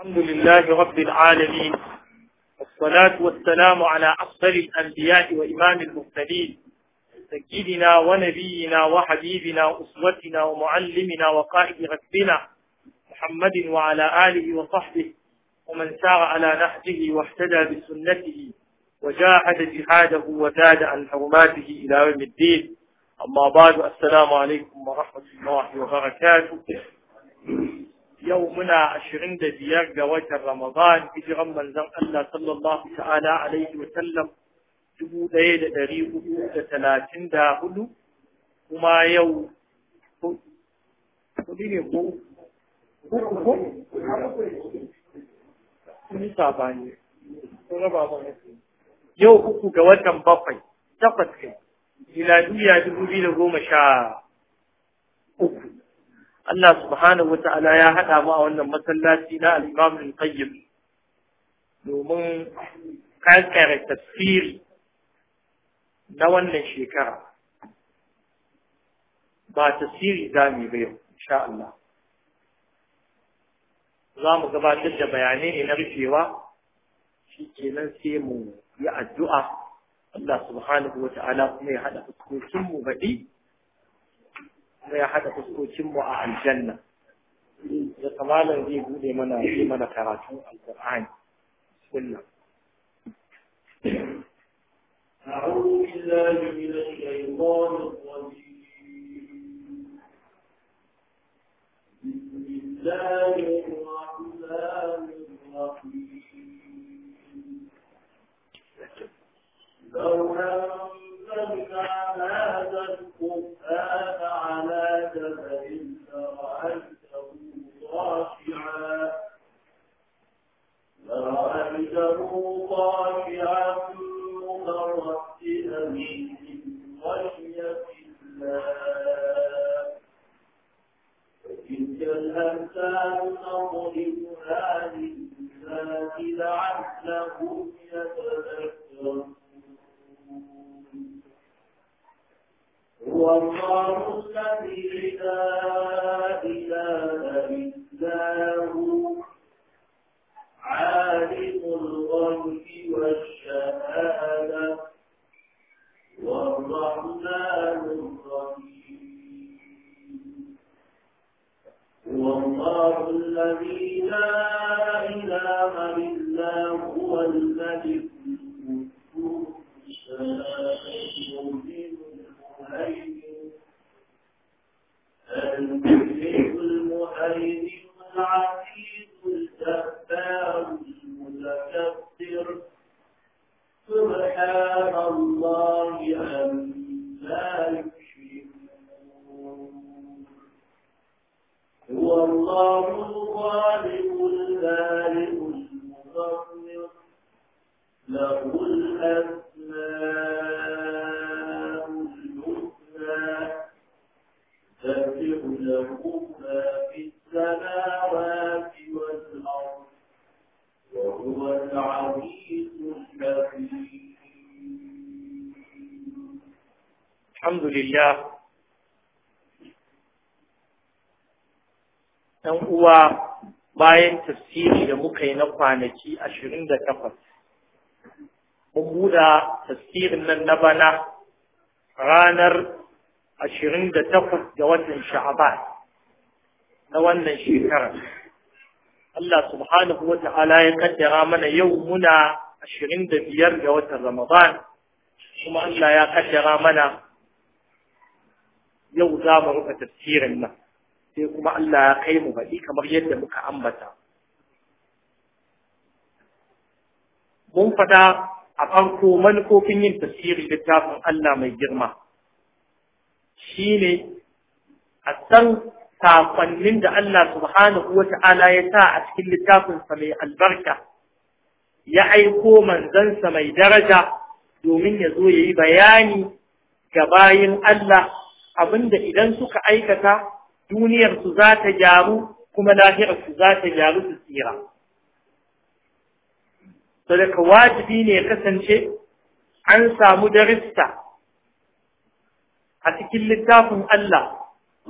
الحمد لله رب العالمين والصلاة والسلام على أفضل الأنبياء وإمام المرسلين سيدنا ونبينا وحبيبنا أسوتنا ومعلمنا وقائد غسلنا محمد وعلى آله وصحبه ومن سار على نهجه واهتدى بسنته وجاهد جهاده وزاد عن حرماته إلى يوم الدين أما بعد السلام عليكم ورحمة الله وبركاته yau muna ashirin da biyar ga watan Ramadan hijiran manzon Allah sallallahu ta'ala alaihi wa sallam dubu ɗaya da ɗari uku da talatin da hudu kuma yau kuɗi ne ko uku ko ni sabani yau uku ga watan bakwai takwas kai miladiya dubu biyu da goma sha Allah subhanahu wa ta'ala ya haɗa mu a wannan masallaci na al-Imam domin kankare tasiri na wannan shekara ba tafsiri za mu ba yau Allah za mu gabatar da bayanai ne na rufewa shi nan sai mu yi addu'a Allah subhanahu wa ta'ala kuma ya haɗa hukumokinmu baɗi kuma ya haɗa fuskokinmu a aljanna da kamalan zai bude mana zai mana karatun alƙur'ani sunna أعوذ بالله من الشيطان الرجيم بسم الله الرحمن الرحيم لو أنزلنا هذا القرآن الأمثال نضربها للناس لعلهم يتذكرون هو الله الذي لا إله إلا هو عالم الغيب والشهادة والرحمن الرحيم الله الذي لا إله إلا هو الملك المهيمن العزيز الجبار المتكبر سبحان alhamdulillah ɗan uwa bayan tafsiri da muka yi na kwanaki ashirin da takwas mun buɗa tafsirin nan na bana ranar ashirin da takwas ga watan sha'aban na wannan shekarar Allah subhanahu wa ta'ala ya kaddara mana yau muna ashirin da biyar ga watan ramadan kuma Allah ya kaddara mana yau za mu rufe tafsirin nan sai kuma Allah ya kai mu baɗi kamar yadda muka ambata mun fada a farko manufofin yin tafsirin littafin Allah mai girma shine a san sakonnin da Allah subhanahu wata'ala ya sa a cikin littafinsa mai albarka ya aiko manzansa mai daraja domin ya zo ya yi bayani ga bayin Allah abinda idan suka aikata duniyar su za ta gyaru kuma lahira su za ta gyaru su tsira sadaka wajibi ne ya kasance an samu darista a cikin littafin Allah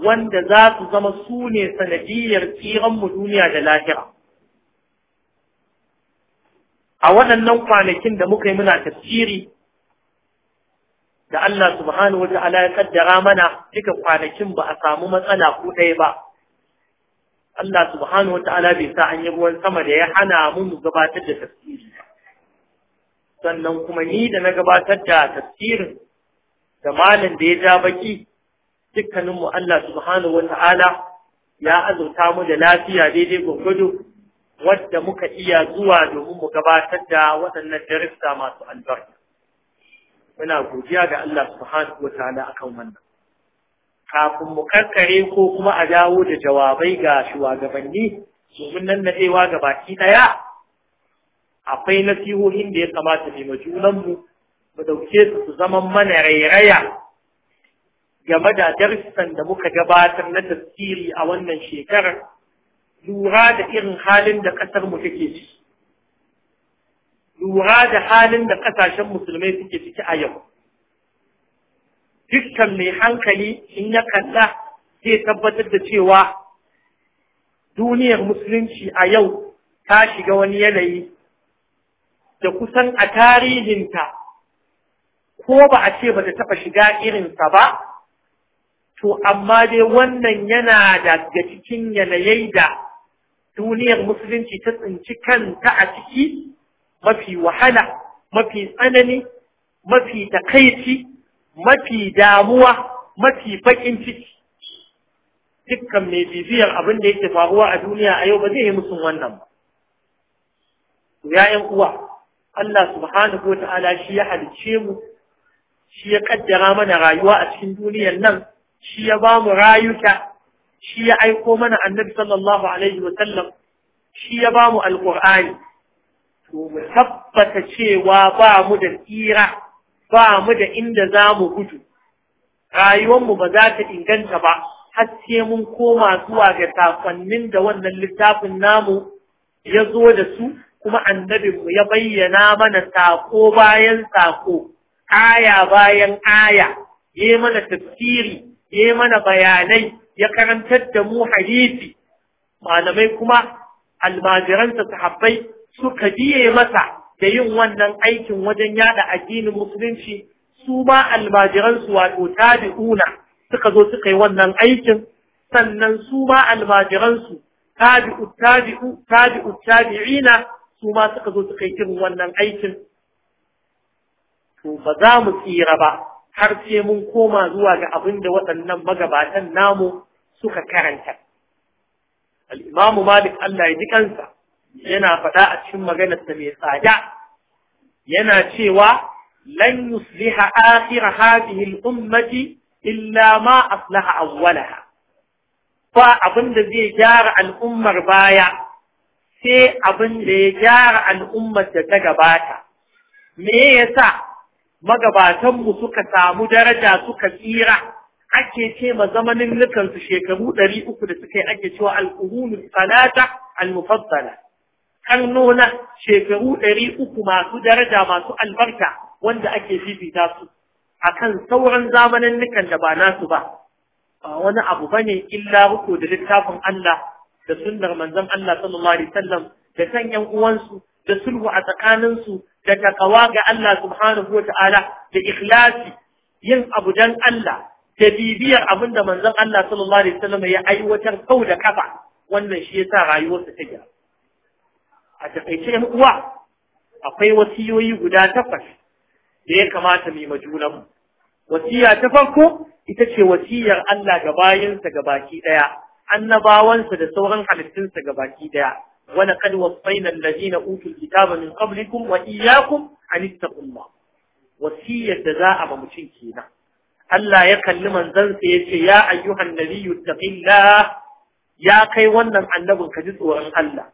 wanda za su zama su ne sanadiyar tsiranmu duniya da lahira. A waɗannan kwanakin da muka yi muna tafsiri da Allah subhanahu wa ta'ala ya kaddara mana duka kwanakin ba a samu matsala ko ɗaya ba Allah subhanahu wa ta'ala bai sa an yi ruwan sama da ya hana mu gabatar da tafsiri sannan kuma ni da na gabatar da tafsirin da malam da ya ja baki dukkanin Allah subhanahu wa ta'ala ya azurta mu da lafiya daidai gwaggwado, wadda muka iya zuwa domin mu gabatar da waɗannan darussa masu albarka muna godiya ga Allah subhanahu wa ta'ala akan wannan kafin mu karkare ko kuma a dawo da jawabai ga shugabanni domin nan naɗewa ga baki ɗaya. akwai nasihohin da ya kamata mu ma junan mu mu dauke su su zaman mana rairaya game da darussan da muka gabatar na tafsiri a wannan shekarar lura da irin halin da ƙasarmu take ciki lura da halin da ƙasashen musulmai suke ciki a yau dukkan mai hankali in ya kalla zai tabbatar da cewa duniyar musulunci a yau ta shiga wani yanayi da kusan a tarihinta ko ba a ce ba ta taɓa shiga irinsa ba to amma dai wannan yana da daga cikin yanayi da duniyar musulunci ta tsinci kanta a ciki mafi wahala mafi tsanani mafi takaici mafi damuwa mafi bakin ciki dukkan mai bibiyar abin da yake faruwa a duniya a yau ba zai yi musun wannan ba ya'yan uwa Allah subhanahu wa ta'ala shi ya halicce mu shi ya ƙaddara mana rayuwa a cikin duniyar nan shi ya ba mu rayuka shi ya aiko mana annabi sallallahu alaihi wa sallam shi ya ba mu alqur'ani to mu tabbata cewa ba mu da tsira ba mu da inda za mu gudu rayuwarmu ba za ta inganta ba har sai mun koma zuwa ga sakonnin da wannan littafin namu ya zo da su kuma mu ya bayyana mana sako bayan sako aya bayan aya ya mana tafsiri ya mana bayanai ya karantar da mu hadisi malamai kuma almajiransa sahabbai suka biye masa da yin wannan aikin wajen yada addinin musulunci su ma almajiransu wato tabi'una suka zo suka yi wannan aikin sannan su ma almajiransu tabi'u tabi'u tabi'u tabi'ina su ma suka zo suka yi irin wannan aikin to ba za mu tsira ba har sai mun koma zuwa ga abinda da waɗannan magabatan namu suka karanta al-imamu malik Allah ya ji kansa yana faɗa a cikin maganarsa mai tsada yana cewa lan yusliha akhir hadhihi al-ummati illa ma aslaha awwalaha ba abin da zai gyara al'ummar baya sai abin da ya gyara al'ummar da ta gabata me yasa magabatanmu suka samu daraja suka tsira ake ce ma zamanin nukansu shekaru ɗari uku da suka yi ake cewa al'uhunin salata al-mufaddala nuna shekaru ɗari uku masu daraja masu albarka wanda ake fifita su akan sauran zamanin da ba nasu ba ba wani abu bane illa uku da littafin Allah da sunnar manzon Allah sallallahu alaihi wasallam da sanyan yan uwansu da sulhu a tsakaninsu da takawa ga Allah subhanahu wata'ala da ikhlasi yin abu dan Allah da bibiyar abin da manzon Allah sallallahu alaihi wasallam ya aiwatar kau da kafa wannan shi yasa rayuwarsa ta gyara a taƙaice ‘yan uwa akwai wasiyoyi guda takwas da ya kamata mu yi Wasiya ta farko ita ce wasiyar Allah ga bayansa ga baki ɗaya, annabawansa da sauran halittunsa ga baki ɗaya. Wani kan wasaina allazina utul kitaba min qablikum wa iyyakum an ittaqullah. Wasiyar da za a ma mutum kenan. Allah ya kalli manzansa ya ce ya ayyuhan nabiyyu taqillah ya kai wannan annabin ka ji tsoron Allah.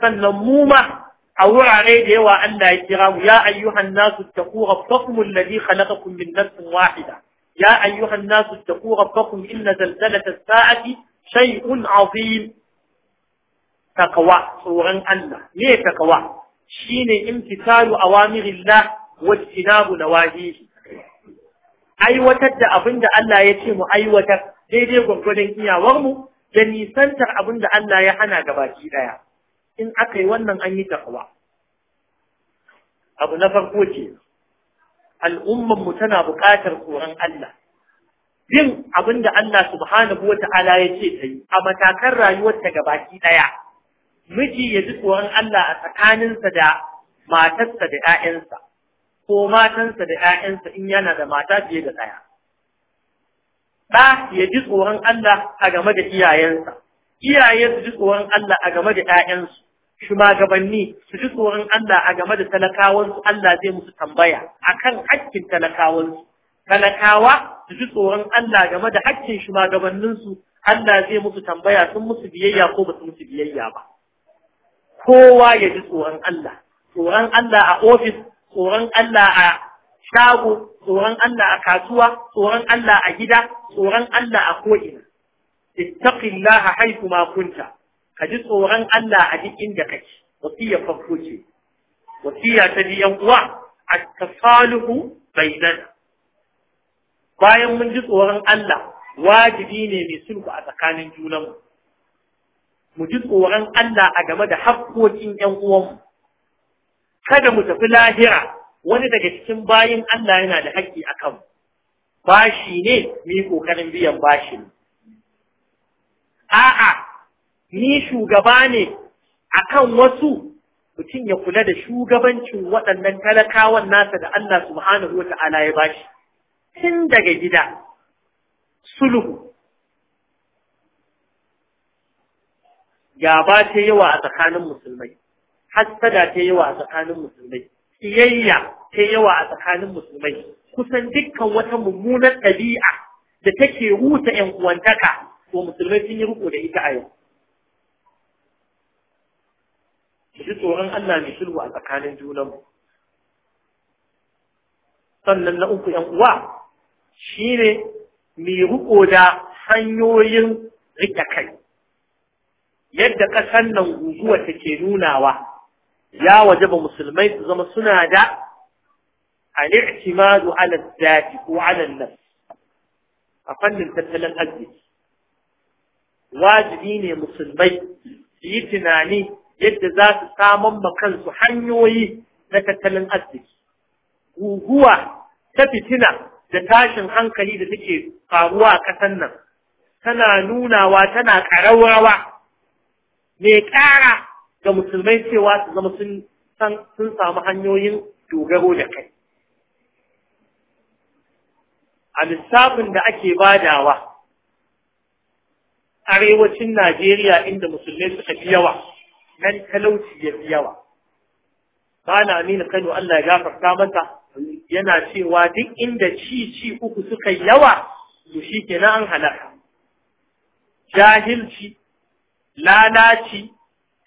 sannan mu ma a wurare da yawa Allah ya kira mu ya ayyuhan nasu taqu rabbakum alladhi khalaqakum min nafsin wahida ya ayyuhan nasu taqu rabbakum inna zalzalata as-sa'ati shay'un 'azim takawa tsoron Allah me takawa shine imtithalu awamirillah wa ijtinabu nawahihi aiwatar da abin da Allah ya ce mu aiwatar daidai gwargwadon iyawarmu, da nisantar abin da Allah ya hana gabaki daya in aka yi wannan an yi taqwa abu na farko ce al'umman tana buƙatar tsoron Allah yin abin da Allah subhanahu wata'ala ya ce ta yi a matakan rayuwarta ga baki ɗaya miji ya ji tsoron Allah a tsakaninsa da matarsa da ‘ya'yansa ko matansa da ‘ya'yansa in yana da mata fiye da ɗaya ɗa ya ji tsoron Allah a game da iyayensa iyaye su ji tsoron Allah a game da ‘ya'yansu shugabanni su ji tsoron Allah a game da talakawansu Allah zai musu tambaya akan hakkin talakawansu talakawa su ji tsoron Allah game da hakkin shugabanninsu Allah zai musu tambaya sun musu biyayya ko ba su musu biyayya ba kowa ya ji tsoron Allah tsoron Allah a ofis tsoron Allah a shago tsoron Allah a kasuwa tsoron Allah a gida tsoron Allah a ko'ina ittaqillaha haythu makunta. ka ji tsoron Allah a duk inda kake wasiya farko ce wasiya ta biyan uwa a tasaluhu bainana bayan mun ji tsoron Allah wajibi ne mai sulhu a tsakanin junanmu mu ji tsoron Allah a game da haƙƙoƙin ‘yan uwanmu, kada mu tafi lahira wani daga cikin bayin Allah yana da haƙƙi a kan bashi ne mu yi ƙoƙarin biyan bashin. A'a, ni shugaba ne a kan wasu mutum ya kula da shugabancin waɗannan talakawan nasa da Allah subhanahu ta'ala ya bashi tun daga gida sulhu gaba ta yawa a tsakanin musulmai hassada ta yawa a tsakanin musulmai kiyayya ta yawa a tsakanin musulmai kusan dukkan wata mummunar ɗabi'a da take rusa 'yan uwantaka to musulmai sun yi riko da ita a yau ji tsoron Allah mai sulhu a tsakanin mu sannan na uku ‘yan uwa shine mai riko da hanyoyin riƙe kai yadda ƙasar nan guguwa take nunawa ya waje ba musulmai su zama suna da al'ikimadu ala zafi ko ala nan a fannin tattalin arziki wajibi ne musulmai su yi tunani yadda za su samun ma kansu hanyoyi na tattalin arziki guguwa ta fitina da tashin hankali da take faruwa a ƙasar nan tana nunawa tana ƙararrawa ne ƙara ga musulmai cewa su zama sun samu hanyoyin dogaro da kai a lissafin da ake badawa arewacin Najeriya inda musulmai suka fi yawa Nan talauci ya fi yawa na amina kano Allah ya gafarta mata yana cewa duk inda ci ci uku suka yawa to shi kenan an halaka jahilci lalaci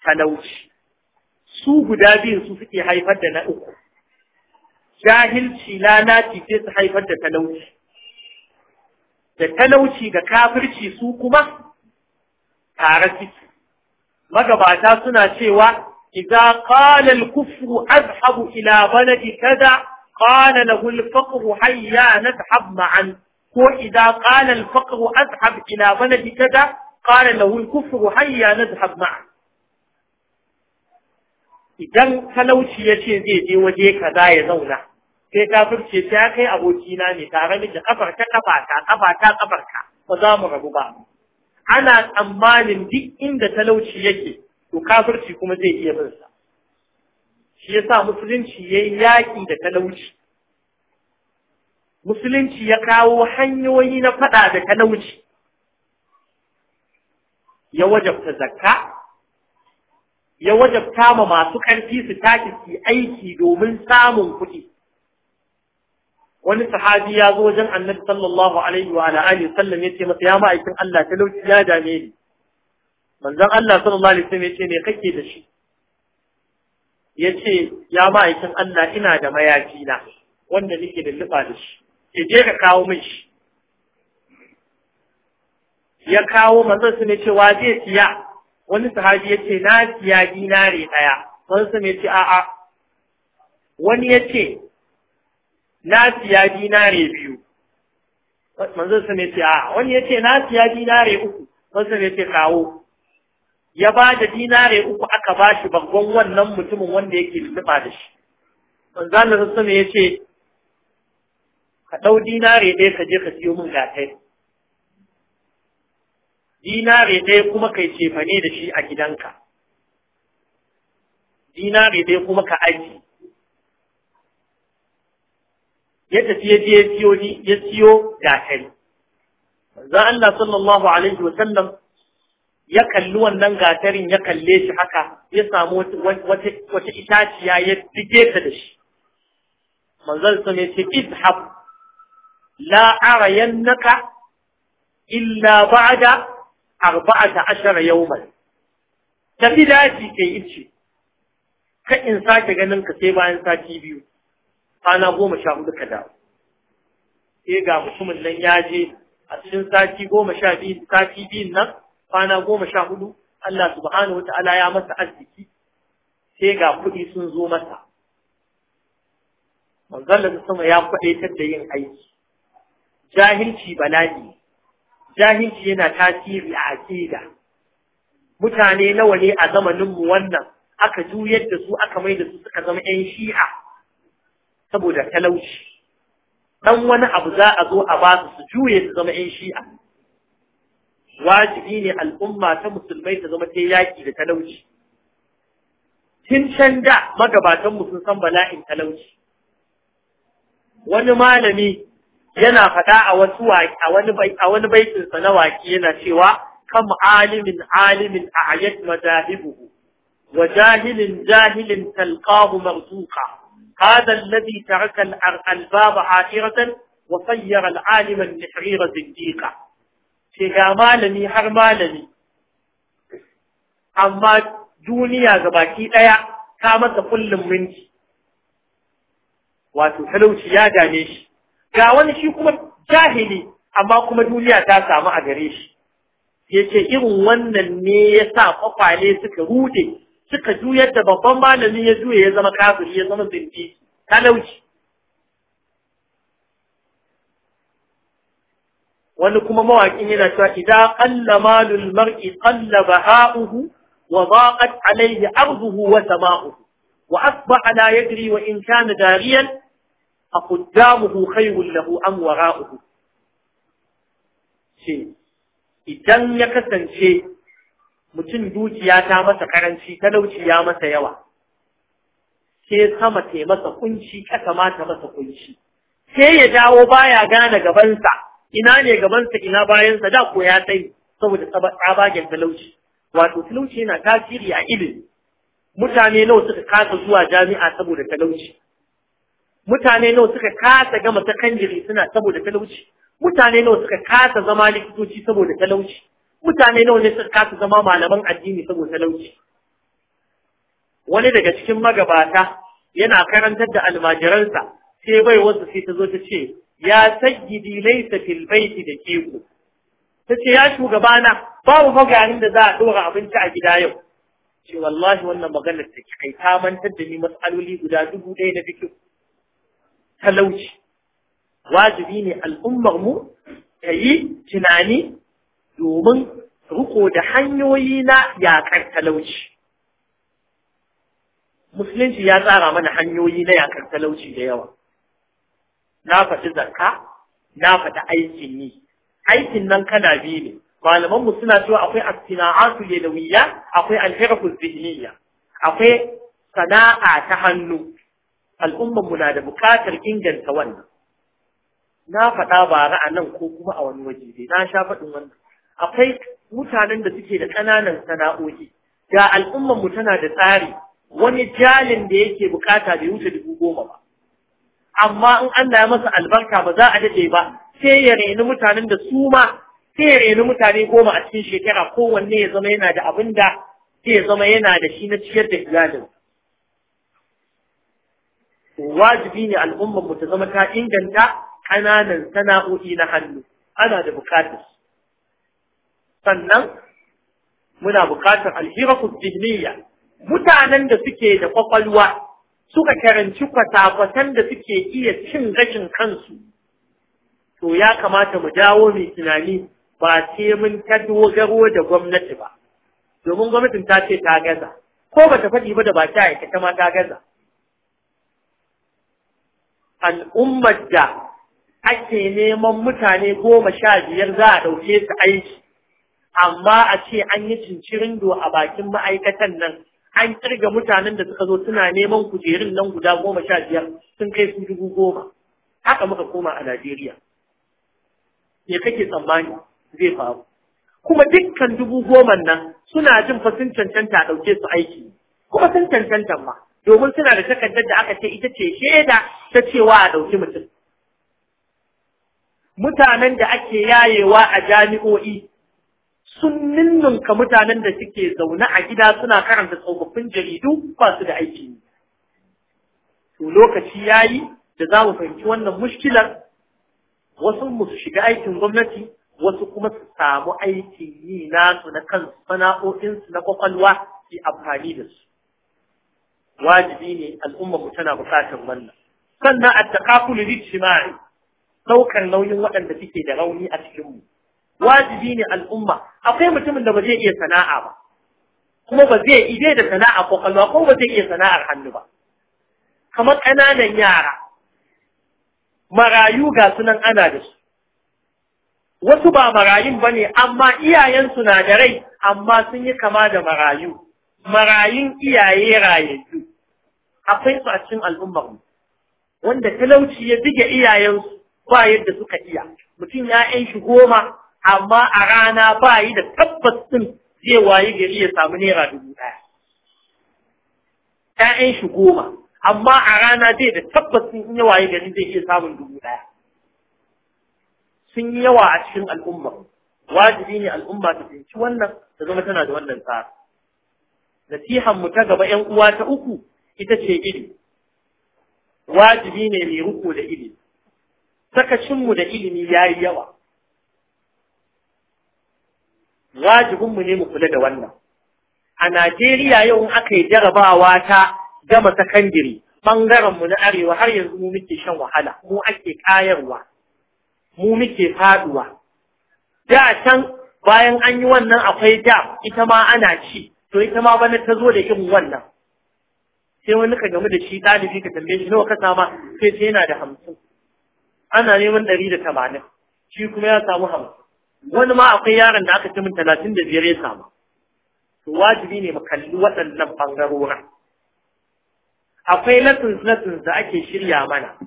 talauci su guda biyu su suke haifar da na uku jahilci lalaci sai su haifar da talauci da talauci ga kafirci su kuma tare suke magabata suna cewa idan qala al-kufru azhabu ila baladi kaza qala lahu al-faqru hayya nadhhab ma'an ko idan qala al-faqru azhab ila baladi kaza qala lahu al-kufru hayya nadhhab ma'an idan talauci yace zai je waje kaza ya zauna sai kafirce ta kai abokina ne tare miki kafar ta kafa ta kafa ta kafar ka ba za mu rabu ba ana tsammanin duk inda talauci yake to kafirci kuma zai iya bin sa shi yasa musulunci yayi yaki da talauci musulunci ya kawo hanyoyi na fada da talauci ya wajabta zakka ya wajabta ma masu ƙarfi su taki aiki domin samun kuɗi wani sahabi ya zo wajen annabi sallallahu alaihi wa alihi sallam yace masa ya ma'aikin Allah talauci ya dame ni manzon Allah sallallahu alaihi wasallam yace me kake da shi yace ya ma'aikin Allah ina da mayaki na wanda nake da liba da shi ke je ka kawo min shi ya kawo manzon sa ne cewa zai siya wani sahabi yace na siya dinare daya manzon sa ne yace a'a wani yace na siya dinare biyu manzo sa ne ce a wani yace na siya dinare uku manzo ne ce kawo ya ba da dinare uku aka ba shi bangon wannan mutumin wanda yake lulluɓa da shi manzo Allah sa ne yace ka ɗau dinare ɗaya ka je ka siyo min gatai dinare ɗaya kuma kai cefane da shi a gidanka dinare ɗaya kuma ka aiki. ya tafi ya je ya siyo ni ya siyo gatari manzo Allah sallallahu alaihi wa sallam ya kalli wannan gatarin ya kalle shi haka ya samu wata itaciya ya dige ta da shi manzo sun ya ce izhab la arayannaka illa ba'da arba'ata ashara yawman tafi daji kai ice ka in sake ganin ka sai bayan sati biyu kwana goma sha hudu ka dawo sai ga mutumin nan ya je a cikin sati goma sha biyu sati biyun nan kwana goma sha hudu Allah subhanahu wa ta'ala ya masa arziki sai ga kuɗi sun zo masa manzon da sama ya kwaɗaitar da yin aiki jahilci bala'i jahilci yana tasiri a aƙida mutane nawa ne a zamaninmu wannan aka juyar da su aka mai da su suka zama 'yan shi'a saboda talauci dan wani abu za a zo a ba su su juye su zama ƴan shi'a wajibi ne al'umma ta musulmai ta zama ta yaki da talauci tun can da magabatan mu sun san bala'in talauci wani malami yana faɗa a wasu a wani a wani baitin sa na waki yana cewa kam alimin alimin a ayat madahibuhu wa jahilin jahilin talqahu marzuqa هذا الذي ترك الباب عائرة وصير العالم النحرير زنديقا شيغا مالني هر مالني أما دنيا غباكي ديا كامت كل منتي wato talauci ya dame shi ga wani shi kuma jahili amma kuma duniya ta samu a gare shi yace irin wannan ne sa kwakwale suka rude suka juyar da babban malamin ya juya ya zama kafiri ya zama zindi talauci wani kuma mawaƙin yana cewa idan qalla malul mar'i qalla baha'uhu wa daqat alayhi arduhu wa sama'uhu wa asbaha la yadri wa in kana dariyan aqdamuhu khayrun lahu am wara'uhu shi idan ya kasance mutum dukiya ta masa karanci talauci ya masa yawa Ke sama ta masa kunci kasa ma ta masa kunci sai ya dawo baya gane gabansa ina ne gabansa ina bayansa da ko ya tsayi saboda tsabagen talauci wato talauci yana tasiri a ilimi mutane nawa suka kasa zuwa jami'a saboda talauci mutane nawa suka kasa gama sakandare suna saboda talauci mutane nawa suka kasa zama likitoci saboda talauci mutane nawa ne suka kasu zama malaman addini saboda talauci wani daga cikin magabata yana karantar da almajiransa sai bai wasu sai tazo ta ce ya sayyidi laysa fil baiti da keku ta ce ya na, babu maganin da za a dora abinci a gida yau ce wallahi wannan maganar ta ki kai ta mantar da ni mas'aloli guda dubu ɗaya na fikin talauci wajibi ne al'ummar mu ta yi tunani domin riko da hanyoyi na yaƙar talauci musulunci ya tsara mana hanyoyi na yakar talauci da yawa na faɗi zakka na faɗi aikin yi aikin nan kana bi ne malaman mu suna cewa akwai as da yadawiyya akwai al zihiniya, akwai sana'a ta hannu al'umman mu na da buƙatar inganta wannan na faɗa bara a nan ko kuma a wani waje na sha faɗin wannan akwai mutanen da suke da ƙananan sana'o'i ga al'ummar mu tana da tsari wani jalin da yake bukata bai wuce dubu goma ba amma in Allah ya masa albarka ba za a dade ba sai ya reni mutanen da su ma sai ya reni mutane goma a cikin shekara kowanne ya zama yana da abin da sai ya zama yana da shi na ciyar da iyalin wajibi ne al'ummar mu ta zama ta inganta ƙananan sana'o'i na hannu ana da bukatar sannan muna bukatar alhiraku zihniya mutanen da suke da kwakwalwa suka karanci kwatakwatan da suke iya cin gashin kansu to ya kamata mu dawo mai tunani ba ce mun ta dogaro da gwamnati ba domin gwamnatin ta ce ta gaza ko ba ta faɗi ba da ba ta aikata ma ta gaza al'ummar da ake neman mutane goma sha biyar za a ɗauke su aiki amma a ce an yi cincirin do a bakin ma'aikatan nan an kirga mutanen da suka zo suna neman kujerun nan guda goma sha biyar sun kai su dubu goma haka muka koma a Najeriya me kake tsammani zai faru kuma dukkan dubu goman nan suna jin fa sun cancanta a ɗauke su aiki kuma sun cancanta ma domin suna da takardar da aka ce ita ce shaida ta cewa a ɗauki mutum mutanen da ake yayewa a jami'o'i sun ninninka mutanen da suke zaune a gida suna karanta tsofaffin jaridu ba su da aiki to lokaci ya yi da za mu fahimci wannan mushkilar wasu mu su shiga aikin gwamnati wasu kuma su samu aikin yi nasu na kansu sana'o'insu na kwakwalwa ke amfani da su wajibi ne al'umma mu tana buƙatar wannan sannan a taqaful ijtimai nauyin waɗanda suke da rauni a cikin mu wajibi ne al'umma akwai mutumin da ba zai iya sana'a ba kuma ba zai iya da sana'a ko kalma ko ba zai iya sana'ar hannu ba kamar ƙananan yara marayu ga sunan ana da su wasu ba marayun ba ne amma iyayensu na da rai amma sun yi kama da marayu marayun iyaye rayayyu akwai su a cikin al'ummar mu wanda talauci ya bige iyayensu ba yadda suka iya mutum ya'yan shi goma amma a rana ba yi da tabbas ɗin zai waye gari ya samu naira dubu ɗaya. ‘Ya'yan shi goma, amma a rana zai da tabbas ɗin in waye gari zai iya samun dubu ɗaya. Sun yi yawa a cikin al'umma, wajibi ne al'umma ta fahimci wannan ta zama tana da wannan tsara. Nasihan mu ta gaba ‘yan uwa ta uku ita ce ilimi. Wajibi ne mai riko da ilimi. Sakacinmu da ilimi ya yi yawa. wajibin mu ne mu kula da wannan a Najeriya yau in aka yi jarabawa ta gama sakandire bangaren mu na arewa har yanzu mu muke shan wahala mu ake kayarwa mu muke faɗuwa. da can bayan an yi wannan akwai da ita ma ana ci to ita ma bana ta zo da irin wannan sai wani ka gamu da shi ɗalibi ka tambaye shi nawa ka sama sai sai yana da hamsin ana neman ɗari da tamanin shi kuma ya samu hamsin wani ma akwai yaron da aka ci min talatin da biyar ya sama to wajibi ne mu kalli waɗannan bangarorin. akwai lessons lessons da ake shirya mana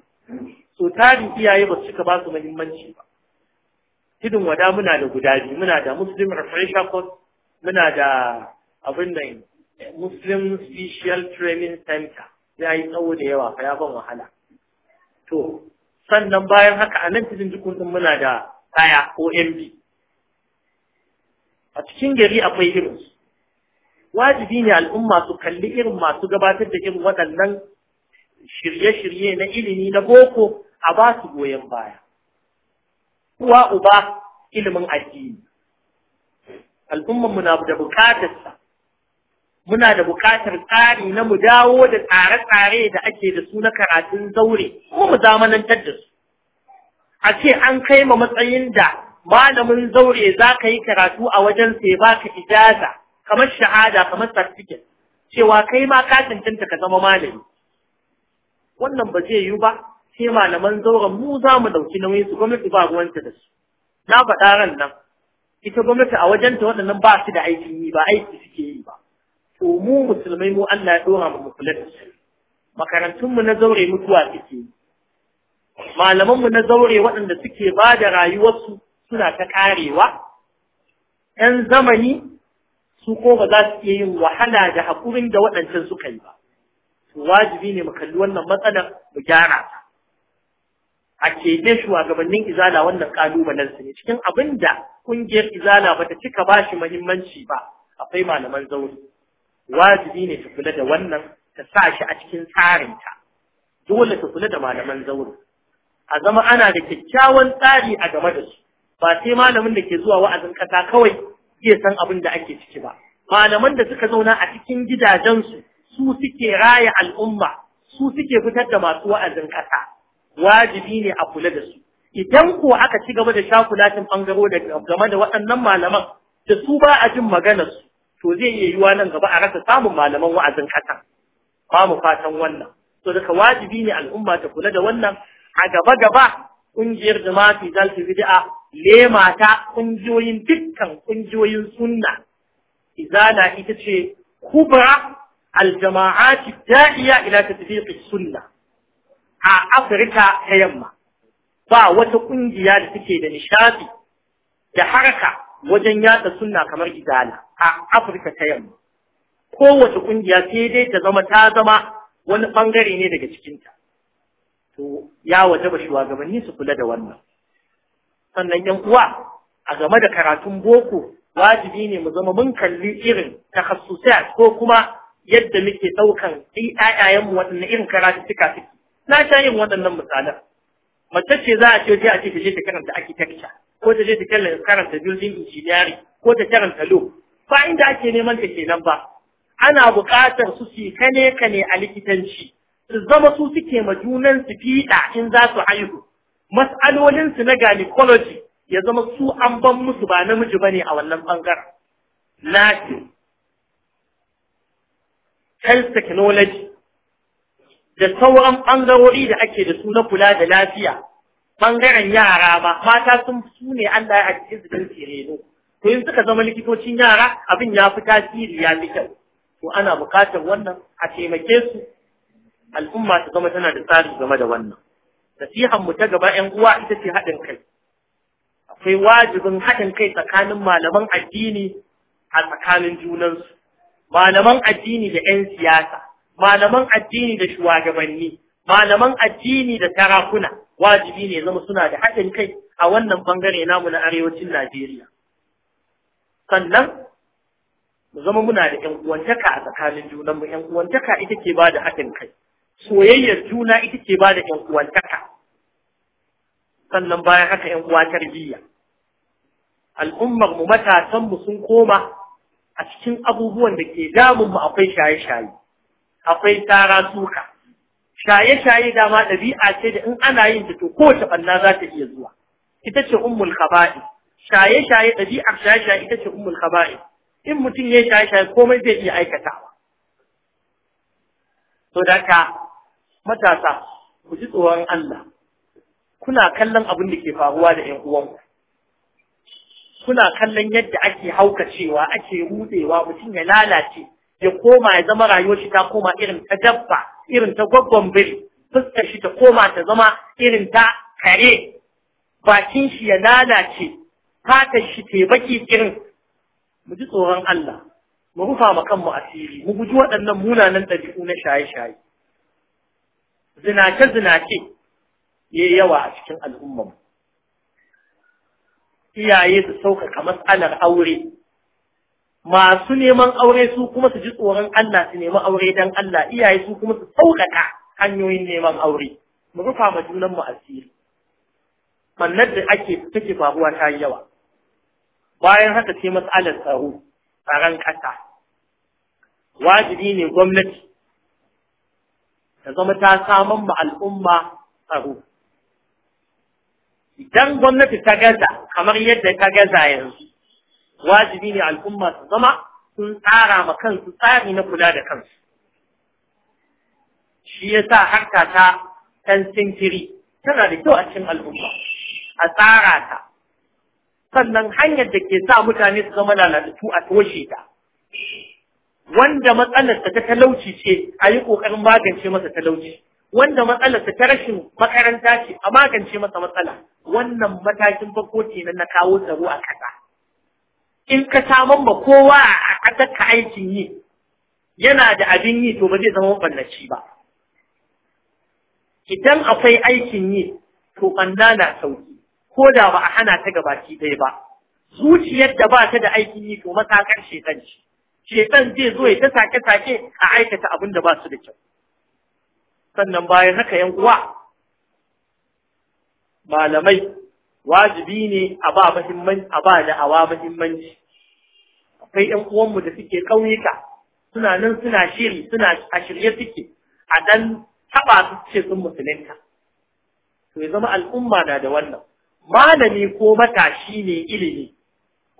so tarin iyaye ba su cika ba su muhimmanci ba hidin wada muna da guda muna da muslim refresher course muna da abin nan muslim special training center ya yi tsawo da yawa ya ban wahala to sannan bayan haka a nan cikin dukkan muna da kaya ko mb a cikin gari akwai irin su wajibi ne al'umma su kalli irin masu gabatar da irin waɗannan shirye-shirye na ilimi na boko a ba su goyon baya uwa uba ilimin addini mu na da sa. muna da bukatar tsari na mu dawo da tsare-tsare da ake da su na karatun zaure ko mu zamanantar da su a ce an kai ma matsayin da malamin zaure za ka yi karatu a wajen sai ba ka ijaza kamar shahada kamar certificate cewa kai ma ka cancanta ka zama malami wannan ba zai yiwu ba sai malaman zauren mu za mu ɗauki nauyin su gwamnati ba ruwanta da su na faɗa ran nan ita gwamnati a wajenta waɗannan ba su da aikin yi ba aiki suke yi ba to mu musulmai mu Allah ya ɗora mu kula da su makarantunmu na zaure mutuwa suke yi malamanmu na zaure waɗanda suke ba da rayuwarsu suna ta karewa ‘yan zamani su ko ba za su iya yin wahala da haƙurin da waɗancan suka yi ba Su wajibi ne mu kalli wannan matsalar mu gyara ta a keɓe shugabannin izala wannan kalubalen ne cikin abin da ƙungiyar izala ba ta cika ba shi muhimmanci ba akwai malaman zaune. wajibi ne ta kula da wannan ta sa shi a cikin tsarinta dole ta kula da malaman zaure. a zama ana da kyakkyawan tsari a game da su ba sai malamin da ke zuwa wa'azin ƙasa kawai iya san abin da ake ciki ba malaman da suka zauna a cikin gidajensu su suke raya al'umma su suke fitar da masu wa'azin kasa wajibi ne a kula da su idan ko aka ci gaba da shakulatin bangaro da game da waɗannan malaman da su ba a jin maganar su to zai iya yiwa nan gaba a rasa samun malaman wa'azin kasa ba mu fatan wannan to daga wajibi ne al'umma ta kula da wannan a gaba gaba ƙungiyar jama'a fi zalfi bid'a lema ta kungiyoyin dukkan ƙungiyoyin sunna izala ita ce kubra aljama'ati da'iya ila tatbiqi sunna a Afirka ta yamma ba wata ƙungiya da take da nishadi da haraka wajen yada sunna kamar izala a Afirka ta yamma kowace ƙungiya sai dai ta zama ta zama wani bangare ne daga cikinta to ya wajaba shugabanni su kula da wannan sannan yan uwa a game da karatun boko wajibi ne mu zama mun kalli irin takasusai ko kuma yadda muke ɗaukan ɗiyayen mu waɗannan irin karatu suka suke na sha yin waɗannan misalan mace ce za a ce je a ce ta je ta karanta architecture ko ta je ta karanta building engineering ko ta karanta law ba inda ake neman ta kenan ba ana buƙatar su su kane kane a likitanci su zama su suke ma junan su fiɗa in za su haihu mas'alolinsu na gynecology ya zama su an ban musu ba namiji ba ne a wannan ɓangaren. Nasi, health technology da sauran bangarori da ake da su na kula da lafiya bangaren yara ba mata sun su ne Allah ya ajiye izinin don to in suka zama likitocin yara abin ya fi tasiri ya fi kyau to ana bukatar wannan a taimake su al'umma ta zama tana da tsari game da wannan nasihan mu ta gaba ƴan uwa ita ce haɗin kai akwai wajibin haɗin kai tsakanin malaman addini a tsakanin junansu malaman addini da ƴan siyasa malaman addini da shugabanni malaman addini da tarakuna wajibi ne zama suna da haɗin kai a wannan bangare namu na arewacin Najeriya sannan mu zama muna da ƴan uwantaka a tsakanin junanmu ƴan uwantaka ita ke ba da haɗin kai soyayyar juna ita ce ba da ƴan uwantaka sannan bayan haka ‘yan uwa tarbiyya. Al'ummar mu matasan mu sun koma a cikin abubuwan da ke damun mu akwai shaye-shaye, akwai tara suka. Shaye-shaye dama ɗabi'a ce da in ana yin ta to kowace ɓanna za ta iya zuwa. Ita ce ummul kaba'i. Shaye-shaye ɗabi'ar shaye-shaye ita ce ummul kaba'i. In mutum ya shaye-shaye komai zai iya aikatawa. To da matasa ku ji tsoron Allah kuna kallon abin da ke faruwa da ƴan uwanku kuna kallon yadda ake haukacewa ake rudewa mutum ya lalace ya koma ya zama rayuwar shi ta koma irin ta dabba irin ta gwaggon biri fuskar shi ta koma ta zama irin ta kare bakin shi ya lalace fatar shi ta baki irin mu ji tsoron Allah mu rufa ma kanmu asiri mu guji waɗannan munanan ɗabi'u na shaye-shaye zinace-zinace ya yawa a cikin al'umman. iyaye su sauƙaƙa matsalar aure masu neman aure su kuma su ji tsoron Allah su nemi aure don Allah iyaye su kuma su sauƙaƙa hanyoyin neman aure mu rufa ma junanmu asiri mannar da ake take faruwa ta yi yawa bayan haka sai matsalar tsaro tsaron ƙasa wajibi ne gwamnati ta zama ta samun ma al'umma tsaro idan gwamnati ta gaza kamar yadda ta gaza yanzu wajibi ne al'umma su zama sun tsara ma kansu tsari na kula da kansu shi ya sa harka ta ɗan sinkiri tana da kyau a cikin al'umma a tsara ta sannan hanyar da ke sa mutane su zama lalatattu a toshe ta wanda matsalar ta talauci ce a yi ƙoƙarin magance masa talauci wanda matsalarsa ta rashin makaranta ce a magance masa matsala wannan matakin farko na na kawo tsaro a ƙasa in ka saman ba kowa a ƙasar ka aikin yi yana da abin yi to ba zai zama maballaci ba idan akwai aikin yi to ɓanna na sauki ko da ba a hana ta gabaki ɗaya ba zuciyar da ba ta da aikin yi to matakar shekanci shekan zai zo ya ta sake-sake a aikata abin da ba su da kyau sannan bayan haka yan uwa malamai wajibi ne a ba a ba da awa muhimmanci akwai yan uwanmu da suke ƙauyuka suna nan suna shiri suna a shirye suke a dan taba su ce sun musulunta to ya zama al'umma na da wannan malami ko matashi ne ilimi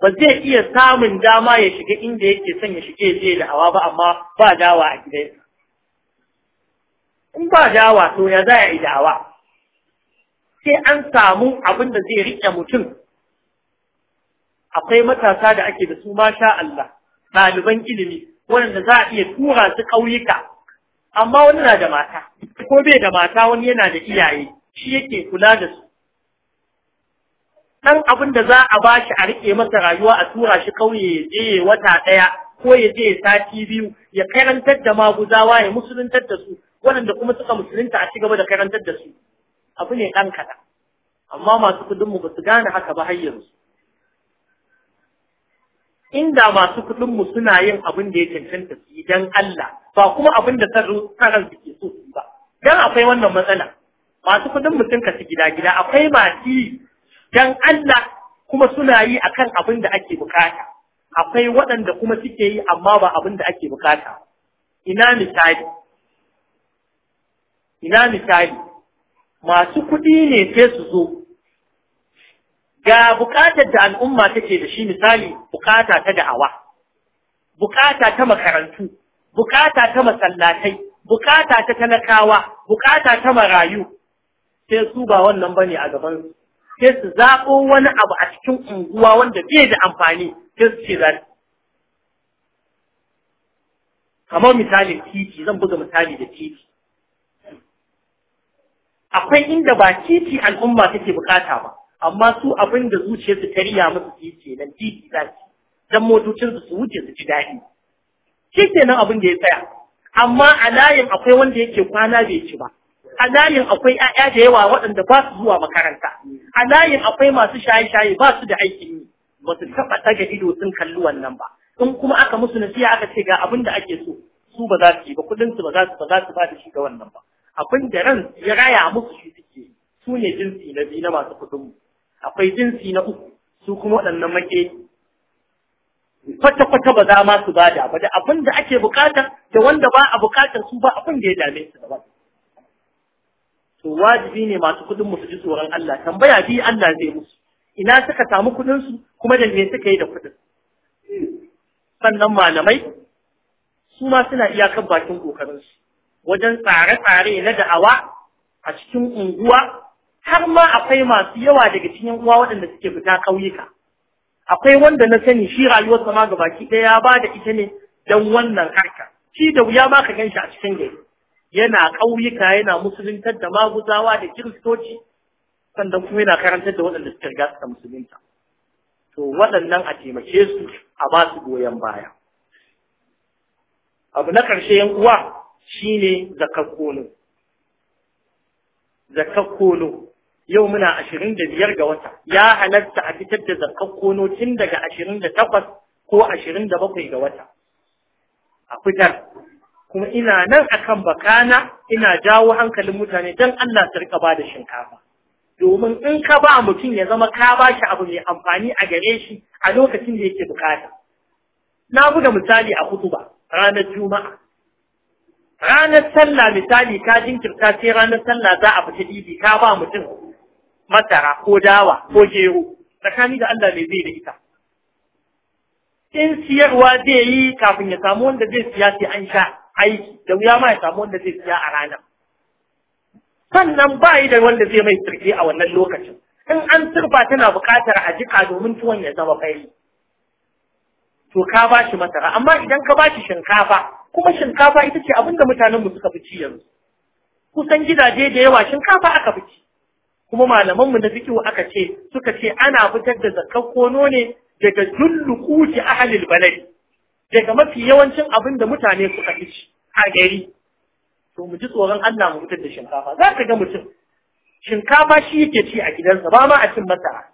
ba zai iya samun dama ya shiga inda yake son ya shige je da awa ba amma ba dawa a gidansa in ba dawa to ya za a yi dawa sai an samu abin da zai riƙe mutum akwai matasa da ake da su masha Allah ɗaliban ilimi waɗanda za a iya tura su ƙauyuka amma wani na da mata ko bai da mata wani yana da iyaye shi yake kula da su ɗan abin da za a bashi a riƙe masa rayuwa a tura shi ƙauye ya je wata ɗaya ko ya je sati biyu ya karantar da maguzawa ya musuluntar da su waɗanda kuma suka musulunta a cigaba da karantar da su abu ne ɗan kaɗan amma masu kuɗinmu ba su gane haka ba har yanzu inda masu kuɗinmu suna yin abin da ya cancanta su yi don Allah ba kuma abin da sarar su ke so su ba don akwai wannan matsala masu kuɗin mutum ka gida gida akwai masu yi don Allah kuma suna yi akan abin da ake bukata akwai waɗanda kuma suke yi amma ba abin da ake bukata ina misali ina misali masu kuɗi ne sai su zo ga bukatar da al'umma take da shi misali bukata ta da'awa buƙata ta makarantu buƙata ta masallatai buƙata ta talakawa buƙata ta marayu sai su ba wannan ba ne a gaban su sai su zaɓo wani abu a cikin unguwa wanda bai da amfani sai su ce zai kamar misali titi zan buga misali da titi akwai inda ba titi al'umma take bukata ba amma su abin da zuciyarsu ta musu titi nan titi za su dan motocinsu su wuce su ji daɗi shi kenan abin da ya tsaya amma a layin akwai wanda yake kwana bai ci ba a layin akwai 'ya'ya da yawa waɗanda ba su zuwa makaranta a layin akwai masu shaye-shaye ba su da aikin yi ba su taɓa ɗaga ido sun kalli wannan ba in kuma aka musu nasiha aka ce ga abinda da ake so su ba za su yi ba kuɗinsu ba za su ba za su ba da shi ga wannan ba abin da ran ya raya musu shi suke su ne jinsi na biyu na masu mu akwai jinsi na uku su kuma waɗannan make kwata-kwata ba za ma su bada ba da abin da ake bukata da wanda ba a bukatar su ba abin da ya dame su ba to wajibi ne masu kuɗin mu su ji tsoron Allah tambaya bi Allah zai musu ina suka samu kuɗin su kuma da me suka yi da kuɗin sannan malamai su ma suna iyakar bakin kokarin su wajen tsare-tsare na da'awa a cikin unguwa har ma akwai masu yawa daga cikin uwa waɗanda suke fita ƙauyuka akwai wanda na sani shi rayuwar sama ga baki ɗaya ya ba da ita ne don wannan harka shi da wuya ma ka gan shi a cikin gari yana ƙauyuka yana musuluntar da maguzawa da kiristoci sannan kuma yana karantar da waɗanda suka riga suka musulunta to waɗannan a taimake su a ba su goyon baya abu na ƙarshe yan uwa shine zakar kono zakar yau muna ashirin da biyar ga wata ya halarta a fitar da zakar tun daga ashirin da takwas ko ashirin da bakwai ga wata a fitar kuma ina nan akan bakana ina jawo hankalin mutane don Allah su riƙa ba da shinkafa domin in ka ba mutum ya zama ka ba shi abu mai amfani a gare shi a lokacin da yake bukata na buga misali a kutuba ranar juma'a ranar sallah misali ka jinkirta sai ranar sallah za a fita dibi ka ba mutum masara ko dawa ko gero tsakani da Allah mai zai da ita in siyarwa zai yi kafin ya samu wanda zai siya sai an sha aiki da wuya ma ya samu wanda zai siya a ranar sannan ba yi da wanda zai mai sirke a wannan lokacin in an sirfa tana buƙatar a jika domin tuwon ya zama fari to ka ba shi masara amma idan ka ba shi shinkafa kuma shinkafa ita ce abin da mutanenmu suka fi ci yanzu kusan gidaje da yawa shinkafa aka fi ci kuma malamanmu na fikihu aka ce suka ce ana fitar da zakar kono ne daga jullukuti ahalil balad daga mafi yawancin abin da mutane suka fi ci a gari to mu ji tsoron Allah mu fitar da shinkafa za ka ga mutum shinkafa shi yake ci a gidansa ba ma a cin masara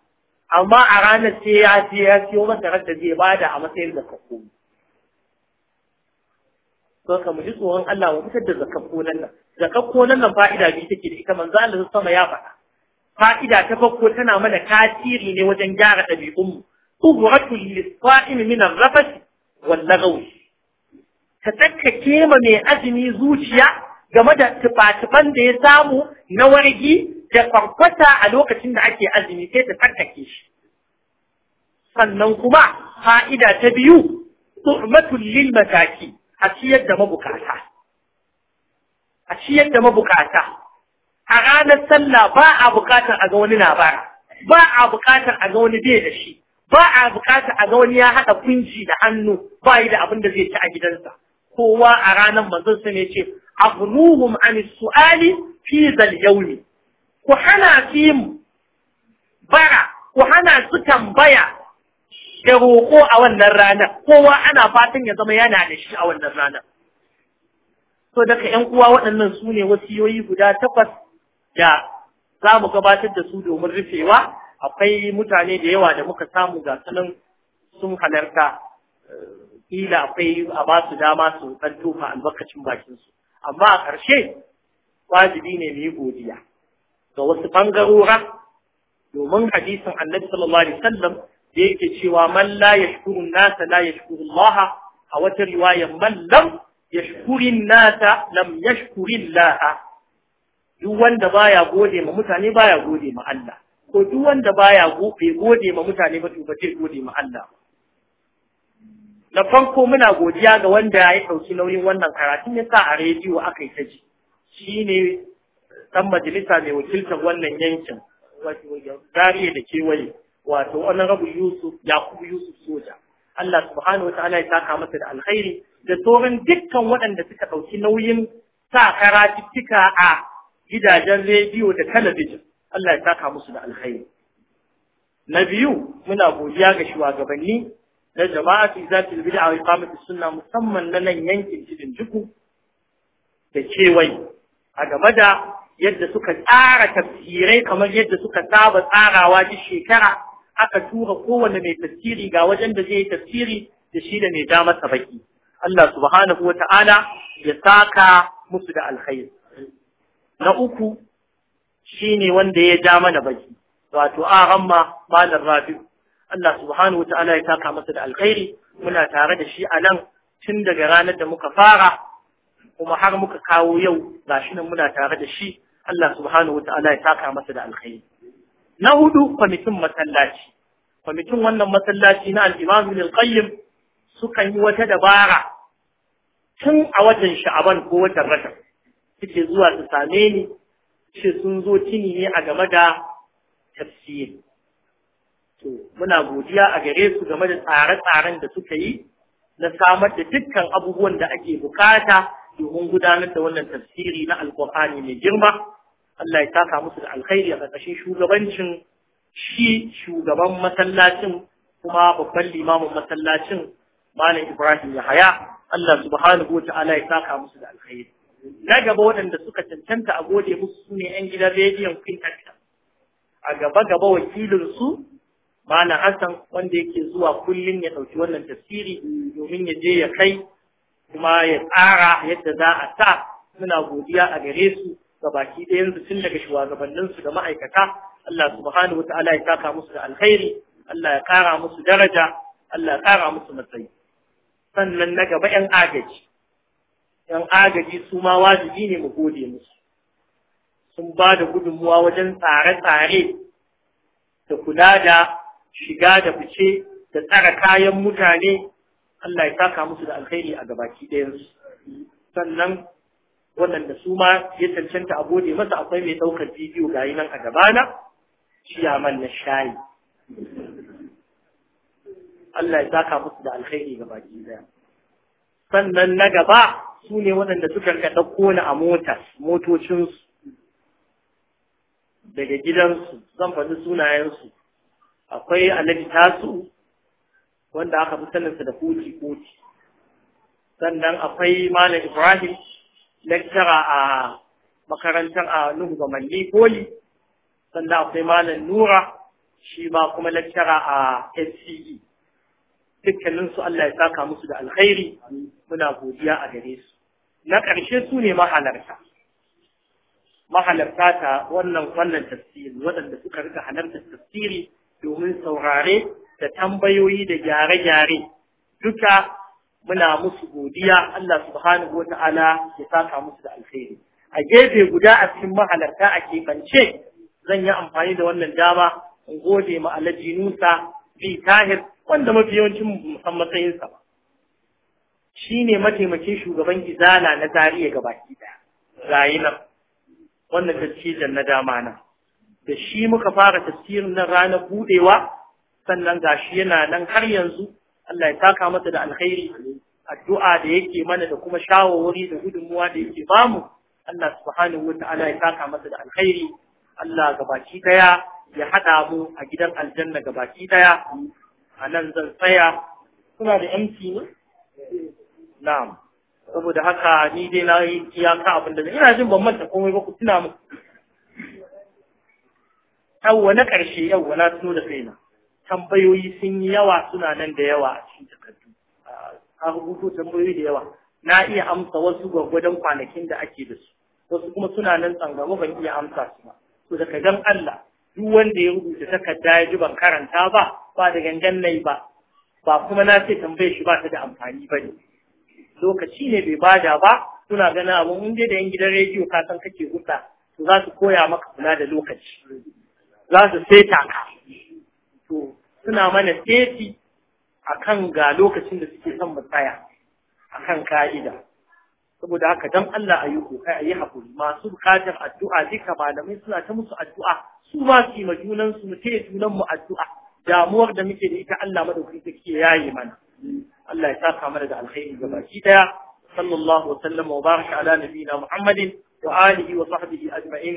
amma a ranar sai ya ya siyo masarar da zai bada a matsayin zakar kono so ka mu tsoron Allah mu fitar da zakar gonan nan zakar nan fa'ida ne take da ita manzo Allah sama ya faɗa fa'ida ta farko tana mana tasiri ne wajen gyara ɗabi'un mu tuhratu lis min ar-rafath wal-lagwi ka takkake ma mai azumi zuciya game da tufa da ya samu na wargi da kwarkwata a lokacin da ake azumi sai ta tsarkake shi. Sannan kuma fa'ida ta biyu, tu'matul lil mataki, a ciyar da mabukata a ciyar da mabukata a ranar sallah ba a bukatar a ga wani na bara ba a bukatar a ga wani bai da shi ba a bukatar a ga wani ya haɗa kunji da hannu ba yi da abin da zai ci a gidansa kowa a ranar manzon sun ya ce abnuhum an su'ali fi zal ne, ku hana su bara ku hana su tambaya ya roƙo a wannan ranar kowa ana fatan ya zama yana da shi a wannan ranar so daga ƴan uwa waɗannan su ne wasiyoyi guda takwas da za mu gabatar da su domin rufewa akwai mutane da yawa da muka samu ga sanan sun halarta ila akwai a ba su dama su ɗan tofa albarkacin bakinsu amma a ƙarshe wajibi ne mu yi godiya ga wasu ɓangarora domin hadisin annabi sallallahu alaihi da yake cewa man la yashkuru nasa la yashkuru Allah a wata riwaya man lam yashkuru nasa lam yashkuru Allah duk wanda baya gode ma mutane baya gode ma Allah ko duk wanda baya bai gode ma mutane ba to ba zai gode ma Allah na farko muna godiya ga wanda ya ɗauki nauyin wannan karatun ya sa a rediyo aka yi ta ji shi ne dan majalisa mai wakiltar wannan yankin zariya da kewaye wato wannan rabu Yusuf Yakubu Yusuf soja Allah subhanahu wa ta'ala ya taka masa da alkhairi da sauran dukkan waɗanda suka ɗauki nauyin sa karatuttuka a gidajen rediyo da talabijin Allah ya taka musu da alkhairi na biyu muna godiya ga shugabanni na jama'atu izatul bid'a wa iqamatus sunna musamman na nan yankin cikin juku da kewaye a game da yadda suka tsara tafsirai kamar yadda suka saba tsarawa duk shekara aka tura kowanne mai tafsiri ga wajen da zai yi tafsiri da shi da mai ja masa baki Allah subhanahu wa ta'ala ya saka musu da alkhair na uku shine wanda ya ja mana baki wato aramma malar rabi Allah subhanahu wa ta'ala ya saka masa da alkhairi muna tare da shi a nan tun daga ranar da muka fara kuma har muka kawo yau shi nan muna tare da shi Allah subhanahu wa ta'ala ya saka masa da alkhairi na hudu kwamitin masallaci kwamitin wannan masallaci na al’imamu ne ƙayyar suka sukan yi wata dabara tun a watan Sha'aban ko watan Rajab suke zuwa su same ni ce sun zo tini ne a game da tafsiri to muna godiya a gare su game da tsare-tsaren da suka yi na samar da dukkan abubuwan da ake bukata domin gudanar da wannan tafsiri na alkur'ani mai girma Allah ya saka musu da alkhairi a ƙarƙashin shugabancin shi shugaban masallacin kuma babban limamin masallacin Malam Ibrahim Yahaya Allah subhanahu wa ta'ala ya saka musu da alkhairi na gaba waɗanda suka cancanta a gode musu su ne 'yan gidan rediyon Queen a gaba gaba wakilin su Malam Hassan wanda yake zuwa kullum ya ɗauki wannan tafsiri domin ya je ya kai kuma ya tsara yadda za a sa muna godiya a gare su gabaki su tun daga su da ma'aikata Allah subhanahu wata'ala ya saka musu da alkhairi Allah ya kara musu daraja Allah ya kara musu matsayi sannan na gaba ƴan agaji ƴan agaji su ma wajibi ne mu gode musu sun ba da gudunmuwa wajen tsare-tsare da kula da shiga da fice da tsara kayan mutane Allah ya saka musu da alkhairi a gabaki ɗayansu sannan waɗanda su ma ya cancanta a gode masa akwai mai ɗaukar bidiyo ga yi nan a gabana shi man na shayi Allah ya saka musu da alkhairi ga baki daya sannan na gaba su ne waɗanda suka ga ɗauko ni a mota motocinsu daga gidansu zan faɗi sunayensu akwai alaji tasu wanda aka fi saninsa da koti koti sannan akwai malam ibrahim lektara a makarantar a Nuhu ga Malli sannan akwai Malam Nura shi ma kuma lektara a SCE dukkanin su Allah ya saka musu da alkhairi muna godiya a gare su na ƙarshe su ne mahalarta mahalarta ta wannan wannan tafsiri waɗanda suka rika halartar tafsiri domin saurare da tambayoyi da gyare-gyare duka muna musu godiya Allah subhanahu wa ta'ala ya saka musu da alheri. a gefe guda a cikin mahalarta a bance zan yi amfani da wannan dama in gode ma Alhaji Nusa bi Tahir wanda mafi yawancin musan matsayinsa ba shine mataimakin shugaban izala na Zariya gabaki daya rayi nan wannan tattijan na dama na da shi muka fara tafsirin na ranar budewa sannan gashi yana nan har yanzu Allah ya taka masa da alkhairi addu'a da yake mana da kuma shawarwari da gudunmuwa da yake bamu Allah subhanahu wa ya taka masa da alkhairi Allah gabaki daya ya hada mu a gidan aljanna gabaki daya a nan zan tsaya kuna da yanci ne na'am saboda haka ni dai na yi iyaka abin da ina jin ban manta komai ba ku tuna mu yawwa na ƙarshe yau na tuno da kaina tambayoyi sun yi yawa suna nan da yawa a cikin takardu a rubuto tambayoyi da yawa na iya amsa wasu gwagwadon kwanakin da ake da su wasu kuma suna nan tsangamu ban iya amsa su ba to daga dan Allah duk wanda ya rubuta takarda ya ji ban karanta ba ba da gangan nai ba ba kuma na ce tambaye shi ba ta da amfani ba ne lokaci ne bai bada ba suna ganin abun in dai da yan gidan rediyo ka san kake huta to za su koya maka kula da lokaci za su seta ka suna mana a akan ga lokacin da suke son mu tsaya akan ka'ida saboda haka dan Allah ayi kokai yi hakuri masu bukatar addu'a duka malamai suna ta musu addu'a su ma su yi majunan mu mutai junan mu addu'a damuwar da muke da ita Allah madaukaki take yayi mana Allah ya saka mana da alkhairi gabaki daya sallallahu wa sallama wa baraka ala nabiyina Muhammadin wa alihi wa sahbihi ajma'in